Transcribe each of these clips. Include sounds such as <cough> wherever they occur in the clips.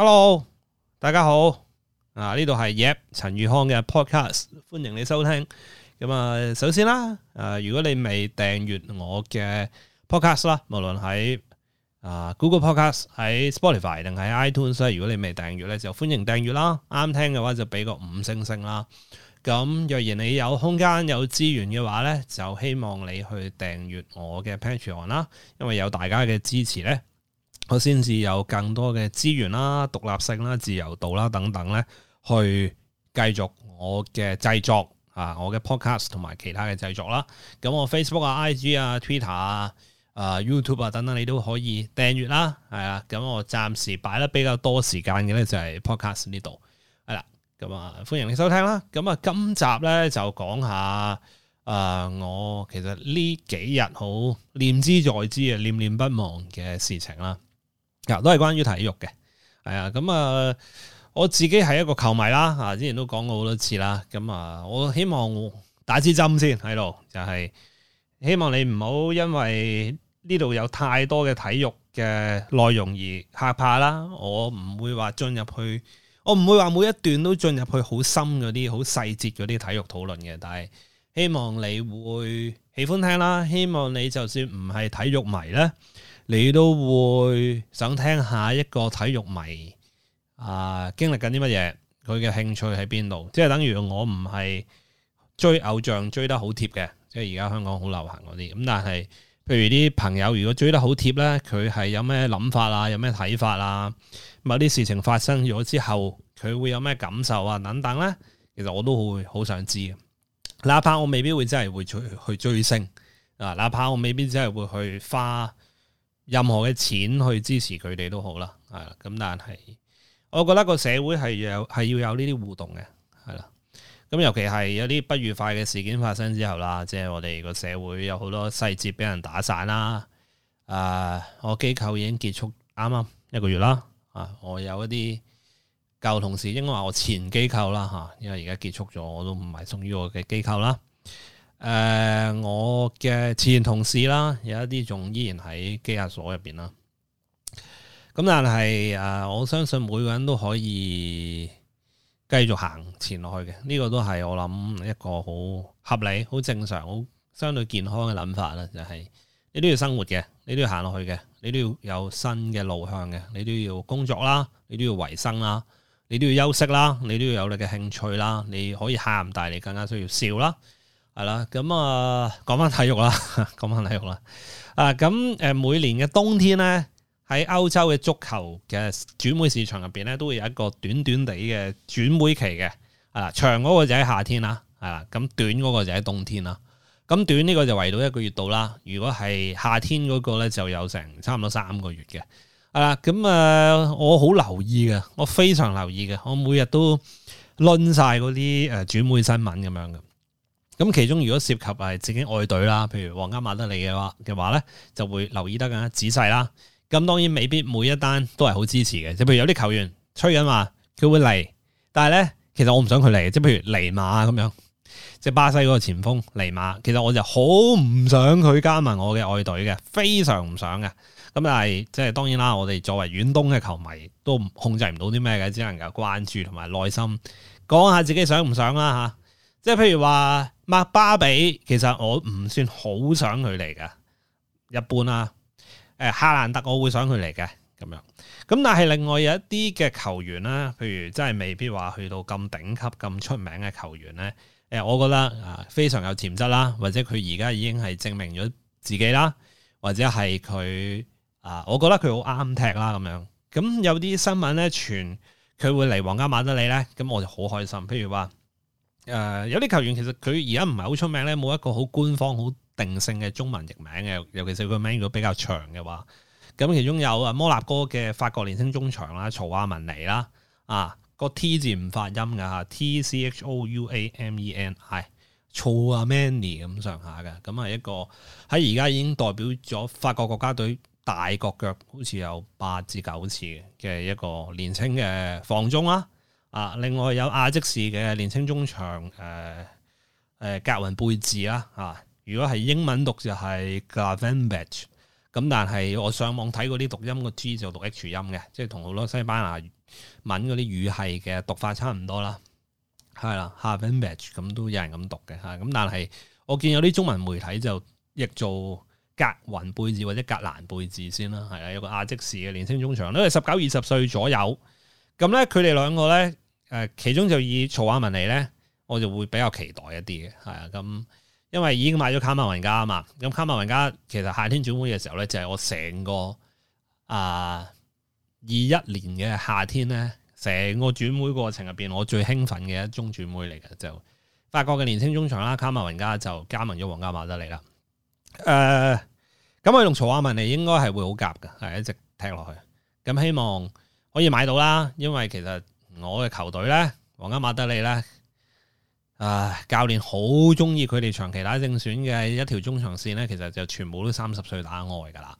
hello，大家好啊！呢度係 Yep 陳宇康嘅 podcast，歡迎你收聽。咁啊，首先啦，啊，如果你未訂閱我嘅 podcast 啦，無論喺啊 Google podcast ify, unes, 啊、喺 Spotify 定喺 iTunes，如果你未訂閱咧，就歡迎訂閱啦。啱、啊、聽嘅話就俾個五星星啦。咁、啊啊、若然你有空間有資源嘅話咧，就希望你去訂閱我嘅 Patreon 啦、啊，因為有大家嘅支持咧。我先至有更多嘅資源啦、獨立性啦、自由度啦等等咧，去繼續我嘅製作啊，我嘅 podcast 同埋其他嘅製作啦。咁我 Facebook 啊、IG 啊、Twitter 啊、啊 YouTube 啊等等，你都可以訂閲啦。係啊，咁我暫時擺得比較多時間嘅咧，就係 podcast 呢度係啦。咁啊，歡迎你收聽啦。咁啊，今集咧就講下啊、呃，我其實呢幾日好念之在之啊，念念不忘嘅事情啦。嗱，都係關於體育嘅，係啊，咁、嗯、啊，我自己係一個球迷啦，啊，之前都講過好多次啦，咁、嗯、啊，我希望打支針先，喺度，就係、是、希望你唔好因為呢度有太多嘅體育嘅內容而嚇怕啦，我唔會話進入去，我唔會話每一段都進入去好深嗰啲、好細節嗰啲體育討論嘅，但係希望你會。喜歡聽啦，希望你就算唔係體育迷咧，你都會想聽下一個體育迷啊、呃、經歷緊啲乜嘢，佢嘅興趣喺邊度？即係等於我唔係追偶像追得好貼嘅，即係而家香港好流行嗰啲。咁但係，譬如啲朋友如果追得好貼咧，佢係有咩諗法啊，有咩睇法啊，某啲事情發生咗之後，佢會有咩感受啊等等咧，其實我都會好想知嘅。哪怕我未必會真係會追去追星，啊，哪怕我未必真係會去花任何嘅錢去支持佢哋都好啦，係啦，咁但係，我覺得個社會係有係要有呢啲互動嘅，係啦，咁、嗯、尤其係有啲不愉快嘅事件發生之後啦，即係我哋個社會有好多細節俾人打散啦，誒、呃，我機構已經結束啱啱一個月啦，啊，我有一啲。舊同事應該話我前機構啦吓，因為而家結束咗，我都唔係屬於我嘅機構啦。誒、呃，我嘅前同事啦，有一啲仲依然喺機械所入邊啦。咁但係誒、呃，我相信每個人都可以繼續行前落去嘅。呢、這個都係我諗一個好合理、好正常、好相對健康嘅諗法啦。就係、是、你都要生活嘅，你都要行落去嘅，你都要有新嘅路向嘅，你都要工作啦，你都要維生啦。你都要休息啦，你都要有你嘅興趣啦，你可以喊大，你更加需要笑啦，係啦。咁、嗯、啊，講翻體育啦，講翻體育啦。啊，咁、嗯、誒每年嘅冬天咧，喺歐洲嘅足球嘅轉會市場入邊咧，都會有一個短短地嘅轉會期嘅。啊，長嗰個，個，個就喺夏天啦，係啦。咁短嗰個就喺冬天啦。咁短呢個就圍到一個月度啦。如果係夏天嗰個咧，就有成差唔多三個月嘅。係啦，咁啊、嗯，我好留意嘅，我非常留意嘅，我每日都論晒嗰啲誒轉會新聞咁樣嘅。咁、嗯、其中如果涉及係自己愛隊啦，譬如皇家馬德里嘅話嘅話咧，就會留意得更加仔細啦。咁、嗯、當然未必每一單都係好支持嘅，即譬如有啲球員吹緊話佢會嚟，但係咧其實我唔想佢嚟。即係譬如尼馬咁樣，即係巴西嗰個前鋒尼馬，其實我就好唔想佢加盟我嘅愛隊嘅，非常唔想嘅。咁但係即係當然啦，我哋作為遠東嘅球迷都控制唔到啲咩嘅，只能夠關注同埋耐心講下自己想唔想啦吓。即係譬如話麥巴比，其實我唔算好想佢嚟嘅，一般啦。誒、啊，哈蘭特我會想佢嚟嘅咁樣。咁但係另外有一啲嘅球員啦，譬如真係未必話去到咁頂級、咁出名嘅球員咧，誒、啊，我覺得啊非常有潛質啦，或者佢而家已經係證明咗自己啦，或者係佢。啊，我覺得佢好啱踢啦咁樣。咁有啲新聞咧傳佢會嚟皇家馬德里咧，咁我就好開心。譬如話，誒、呃、有啲球員其實佢而家唔係好出名咧，冇一個好官方好定性嘅中文譯名嘅，尤其是個名如果比較長嘅話。咁其中有啊摩納哥嘅法國年輕中場啦，曹亞文尼啦，啊、嗰個 T 字唔發音㗎嚇，T C H O U A M E N I，曹亞文尼咁上下嘅，咁係一個喺而家已經代表咗法國國家隊。大國腳好似有八至九次嘅一個年青嘅防中啦、啊，啊，另外有亞積士嘅年青中場，誒、呃、誒、呃、格雲貝治啦、啊，啊，如果係英文讀就係 Gravenberch，咁但係我上網睇嗰啲讀音個 G 就讀 H 音嘅，即係同好多西班牙文嗰啲語系嘅讀法差唔多啦，係啦 Gravenberch 咁都有人咁讀嘅嚇，咁但係我見有啲中文媒體就譯做。格雲貝治或者格蘭貝治先啦、啊，係啊，有個亞積士嘅年青中場，都係十九二十歲左右。咁咧，佢哋兩個咧，誒，其中就以曹安文嚟咧，我就會比較期待一啲嘅，係啊，咁、嗯、因為已經買咗卡馬雲加啊嘛。咁卡馬雲加其實夏天轉會嘅時候咧，就係、是、我成個啊二一年嘅夏天咧，成個轉會過程入邊，我最興奮嘅一宗轉會嚟嘅就法國嘅年青中場啦，卡馬雲加就加盟咗皇家馬德里啦，誒、呃。咁我同曹亞文嚟，應該係會好夾㗎，係一直踢落去。咁希望可以買到啦，因為其實我嘅球隊咧，皇家馬德里咧，啊，教練好中意佢哋長期打正選嘅一條中場線咧，其實就全部都三十歲打外噶啦，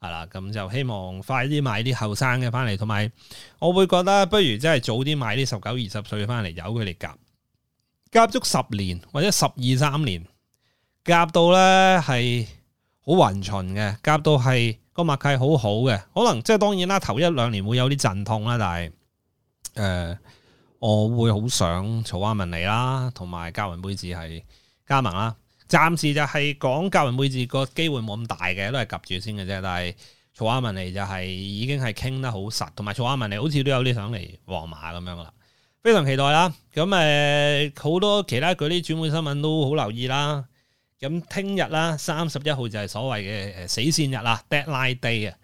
係啦。咁就希望快啲買啲後生嘅翻嚟，同埋我會覺得不如真係早啲買啲十九二十歲翻嚟，由佢哋夾，夾足十年或者十二三年，夾到咧係。好雲層嘅，夾到係個默契好好嘅，可能即係當然啦。頭一兩年會有啲陣痛啦，但係誒、呃，我會好想曹阿文嚟啦，同埋嘉雲妹子係加盟啦。暫時就係講嘉雲妹子個機會冇咁大嘅，都係夾住先嘅啫。但係曹阿文嚟就係已經係傾得好實，同埋曹阿文嚟好似都有啲想嚟皇馬咁樣啦。非常期待啦。咁誒好多其他嗰啲轉會新聞都好留意啦。咁聽日啦，三十一號就係所謂嘅誒死線日啦，dead line day 啊。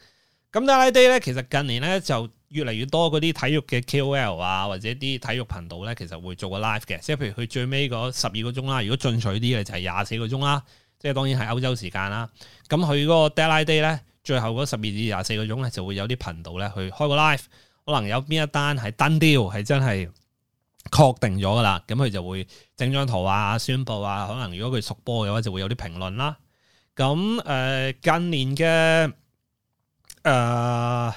咁、嗯、dead line day 咧，其實近年咧就越嚟越多嗰啲體育嘅 K O L 啊，或者啲體育頻道咧，其實會做個 live 嘅。即係譬如佢最尾嗰十二個鐘啦，如果進取啲嘅就係廿四個鐘啦，即係當然係歐洲時間啦。咁佢嗰個 dead line day 咧，最後嗰十二至廿四個鐘咧，就會有啲頻道咧去開個 live，可能有邊一單係 d o n d e a 係真係。確定咗噶啦，咁佢就會整張圖啊，宣佈啊，可能如果佢熟波嘅話，就會有啲評論啦。咁誒、呃、近年嘅誒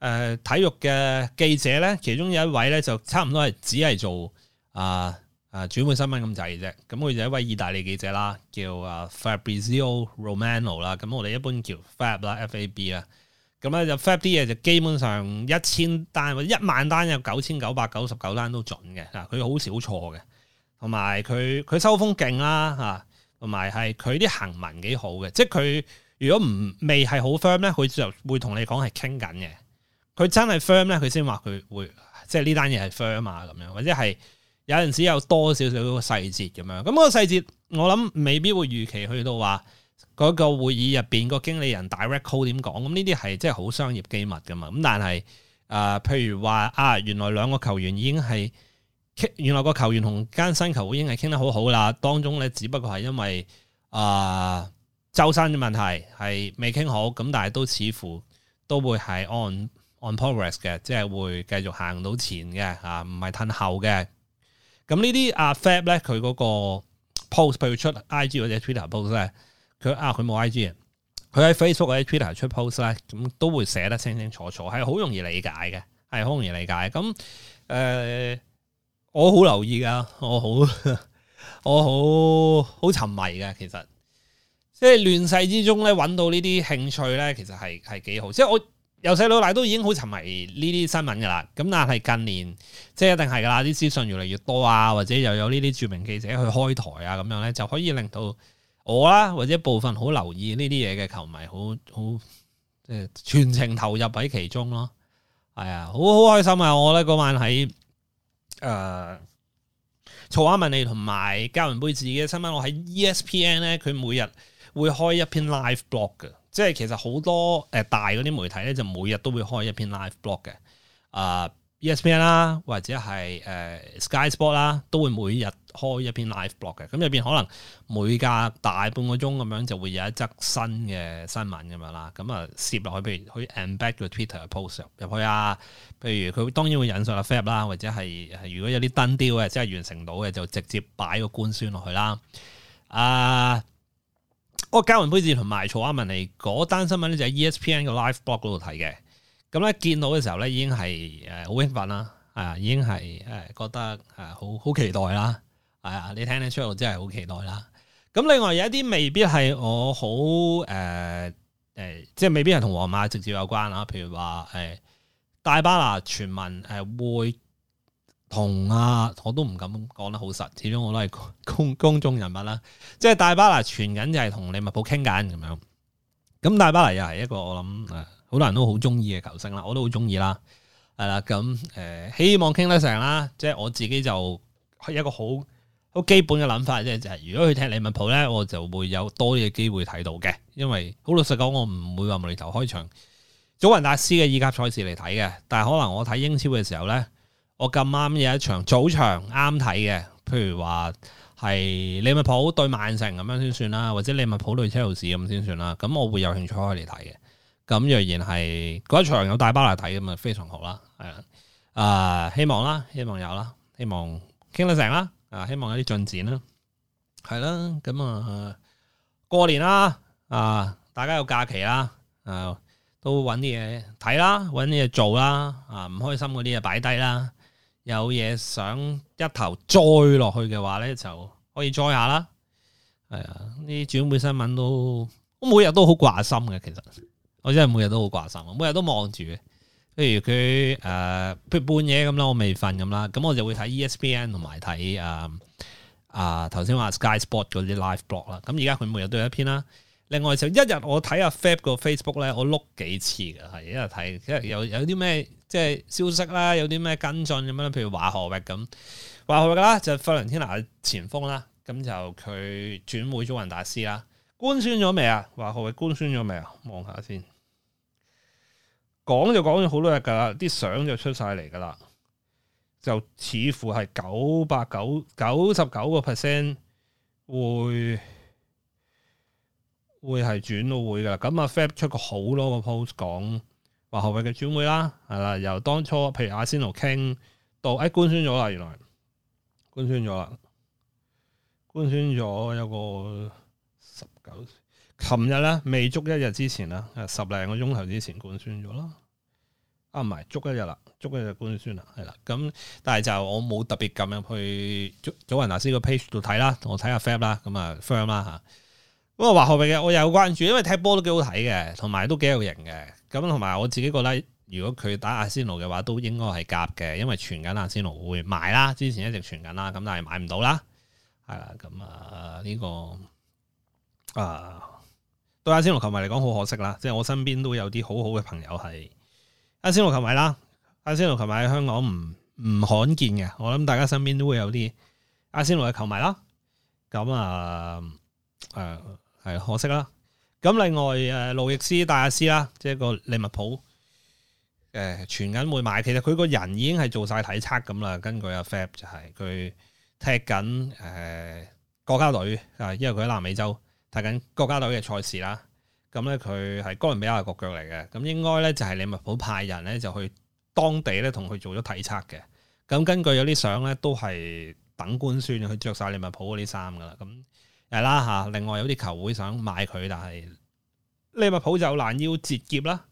誒體育嘅記者咧，其中有一位咧就差唔多係只係做啊啊轉會新聞咁滯啫。咁佢就一位意大利記者啦，叫啊 Fabrizio Romano 啦。咁我哋一般叫 Fab 啦，Fab 啦。咁咧就 firm 啲嘢就基本上一千單或者一萬單有九千九百九十九單都準嘅，嗱佢好少錯嘅，同埋佢佢收風勁啦嚇，同埋係佢啲行文幾好嘅，即係佢如果唔未係好 firm 咧，佢就會同你講係傾緊嘅。佢真係 firm 咧，佢先話佢會即係呢單嘢係 firm 啊咁樣，或者係有陣時有多少少個細節咁樣。咁個細節我諗未必會預期去到話。嗰個會議入邊、嗰個經理人 direct call 點講，咁呢啲係即係好商業機密噶嘛，咁但係誒、呃，譬如話啊，原來兩個球員已經係傾，原來個球員同間新球會已經係傾得好好啦，當中咧只不過係因為誒、呃、周生嘅問題係未傾好，咁但係都似乎都會係 on on progress 嘅，即係會繼續行到前嘅啊，唔係褪後嘅。咁、嗯啊、呢啲阿 Fab 咧，佢嗰個 post 譬如出 IG 或者 Twitter post 咧。啊！佢冇 IG 啊，佢喺 Facebook、喺 Twitter 出 post 啦，咁都會寫得清清楚楚，係好容易理解嘅，係好容易理解。咁誒、呃，我好留意噶，我好 <laughs> 我好好沉迷噶，其實即係亂世之中咧，揾到呢啲興趣咧，其實係係幾好。即係我由細到大都已經好沉迷呢啲新聞噶啦。咁但係近年即係一定係噶啦，啲資訊越嚟越多啊，或者又有呢啲著名記者去開台啊，咁樣咧就可以令到。我啦，或者部分好留意呢啲嘢嘅球迷，好好即係全程投入喺其中咯。係、哎、啊，好好開心啊！我咧嗰晚喺誒、呃，曹阿文你同埋嘉文貝自己嘅新聞，我喺 ESPN 咧，佢每日會開一篇 live blog 嘅，即係其實好多誒、呃、大嗰啲媒體咧，就每日都會開一篇 live blog 嘅。啊、呃！ESPN 啦，或者係誒、呃、Sky Sport 啦，都會每日開一篇 live blog 嘅。咁入邊可能每隔大半個鐘咁樣就會有一則新嘅新聞咁樣啦。咁啊，攝落去，譬如去 embed 個 Twitter post 入去啊。譬如佢當然會引述個 Fab 啦，或者係如果有啲 done deal 嘅，即係完成到嘅，就直接擺個官宣落去啦。啊、呃，我交換配置同埋錯啊！問你嗰單新聞咧就喺 ESPN 個 live blog 嗰度睇嘅。咁咧，見到嘅時候咧，已經係誒好興奮啦，係啊，已經係誒覺得誒好好期待啦，係啊，你聽得出我真係好期待啦。咁另外有一啲未必係我好誒誒，即係未必係同皇馬直接有關啦。譬如話誒、呃，大巴黎傳聞誒會同啊，我都唔敢講得好實，始終我都係公公眾人物啦。即係大巴黎傳緊就係同利物浦傾緊咁樣。咁大巴黎又係一個我諗誒，呃好多人都好中意嘅球星啦，我都好中意啦，係啦，咁、嗯、誒希望傾得成啦，即係我自己就有一個好好基本嘅諗法，即、就、係、是、如果去踢利物浦咧，我就會有多啲嘅機會睇到嘅，因為好老實講，我唔會話無厘頭開場祖雲達斯嘅意甲賽事嚟睇嘅，但係可能我睇英超嘅時候咧，我咁啱有一場早場啱睇嘅，譬如話係利物浦對曼城咁樣先算啦，或者利物浦對車路士咁先算啦，咁我會有興趣開嚟睇嘅。咁、嗯、若然係嗰一場有大把嚟睇咁啊，非常好啦，係啊，啊希望啦，希望有啦，希望傾得成啦，啊希望有啲進展啦，係啦，咁、嗯、啊過年啦，啊大家有假期啦，啊都揾啲嘢睇啦，揾啲嘢做啦，啊唔開心嗰啲啊擺低啦，有嘢想一頭栽落去嘅話咧，就可以栽下啦，係啊，呢啲轉會新聞都每日都好掛心嘅，其實。我真係每日都好掛心，每日都望住嘅，譬如佢誒呃、譬如半夜咁啦，我未瞓咁啦，咁我就會睇 ESPN 同埋睇誒誒頭先話 Sky Sport 嗰啲 live blog 啦。咁而家佢每日都有一篇啦。另外就一日我睇下 Fab 個 Facebook 咧，我碌幾次嘅係一日睇，有有啲咩即係消息啦，有啲咩跟進咁樣。譬如華荷域咁，華荷域啦就費倫天拿嘅前鋒啦，咁就佢轉會祖雲達斯啦，官宣咗未啊？華荷域官宣咗未啊？望下先。講就講咗好多日噶啦，啲相就出晒嚟噶啦，就似乎係九百九九十九個 percent 會會係轉會噶，咁啊 Fab 出過好多個 post 講話後衛嘅轉會啦，係啦，由當初譬如阿仙奴傾到誒官宣咗啦，原來官宣咗啦，官宣咗有個十九。琴日咧，未足一日之前啦，十零個鐘頭之前官宣咗啦。啊，唔係，足一日啦，足一日官宣啦，係啦。咁但係就我冇特別咁樣去祖雲達斯個 page 度睇啦，我睇下 fab 啦，咁啊 firm 啦吓。不過華浩嘅我又有關注，因為踢波都幾好睇嘅，同埋都幾有型嘅。咁同埋我自己覺得，如果佢打阿仙奴嘅話，都應該係夾嘅，因為傳緊阿仙奴會買啦，之前一直傳緊啦，咁但係買唔到啦。係啦，咁啊呢個啊。啊這個啊對阿仙奴球迷嚟講好可惜啦，即係我身邊都有啲好好嘅朋友係阿仙奴球迷啦。阿仙奴球迷喺香港唔唔罕見嘅，我諗大家身邊都會有啲阿仙奴嘅球迷啦。咁啊誒係可惜啦。咁另外誒路易斯戴阿斯啦，即係個利物浦誒、呃、全銀會買，其實佢個人已經係做晒體測咁啦。根據阿 Fab 就係、是、佢踢緊誒、呃、國家隊啊，因為佢喺南美洲。睇緊國家隊嘅賽事啦，咁咧佢係哥倫比亞國腳嚟嘅，咁、嗯、應該咧就係、是、利物浦派人咧就去當地咧同佢做咗體測嘅，咁、嗯、根據有啲相咧都係等官宣，去着晒利物浦嗰啲衫噶啦，咁係啦吓，另外有啲球會想買佢，但係利物浦就攔腰截劫啦，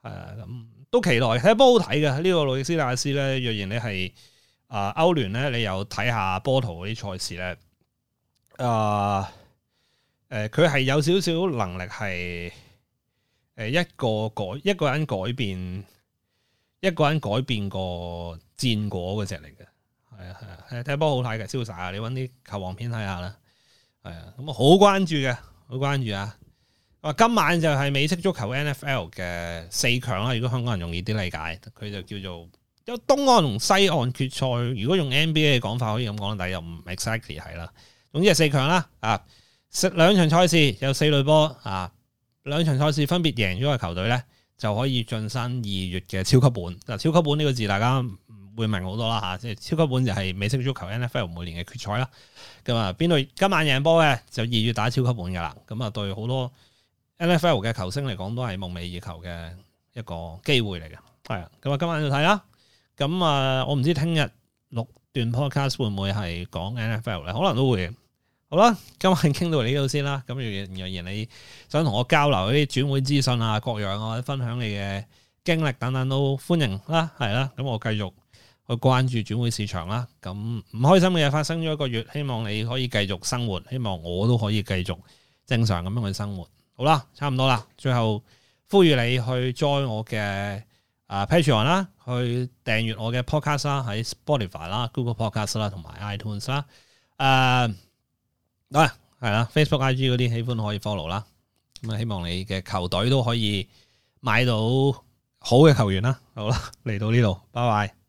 係、嗯、咁、嗯、都期待，睇得波好睇嘅，呢、這個路易斯迪亞斯咧，若然你係啊歐聯咧，你又睇下波圖嗰啲賽事咧，啊、呃。誒，佢係、呃、有少少能力係，誒一個改一個人改變，一個人改變個戰果嗰隻嚟嘅，係啊係啊，係踢波好睇嘅，瀟灑啊！你揾啲球王片睇下啦，係啊，咁啊好關注嘅，好關注啊！話、嗯、今晚就係美式足球 N F L 嘅四強啦，如果香港人容易啲理解，佢就叫做有東岸同西岸決賽。如果用 N B A 嘅講法，可以咁講，但又唔 exactly 係啦。總之係四強啦，啊！食兩場賽事有四類波啊，兩場賽事分別贏咗嘅球隊咧就可以晉身二月嘅超級本。嗱、啊，超級本呢個字大家會明好多啦吓，即、啊、係超級本就係美式足球 NFL 每年嘅決賽啦。咁啊，邊隊今晚贏波嘅就二月打超級本噶啦。咁啊，對好多 NFL 嘅球星嚟講都係夢寐以求嘅一個機會嚟嘅，係啊的。咁啊，今晚就睇啦。咁啊，我唔知聽日六段 Podcast 會唔會係講 NFL 咧，可能都會。好啦，今日傾到呢度先啦。咁如若然你想同我交流啲轉會資訊啊，各樣啊，或者分享你嘅經歷等等都歡迎啦，係啦。咁我繼續去關注轉會市場啦。咁唔開心嘅嘢發生咗一個月，希望你可以繼續生活，希望我都可以繼續正常咁樣去生活。好啦，差唔多啦。最後呼籲你去 join 我嘅啊 Patreon 啦，去訂閱我嘅 podcast 啦，喺 Spotify 啦、Google Podcast 啦、呃、同埋 iTunes 啦。誒。啊，係啦，Facebook、IG 嗰啲喜歡可以 follow 啦。咁啊，希望你嘅球隊都可以買到好嘅球員啦。好啦，嚟到呢度，拜拜。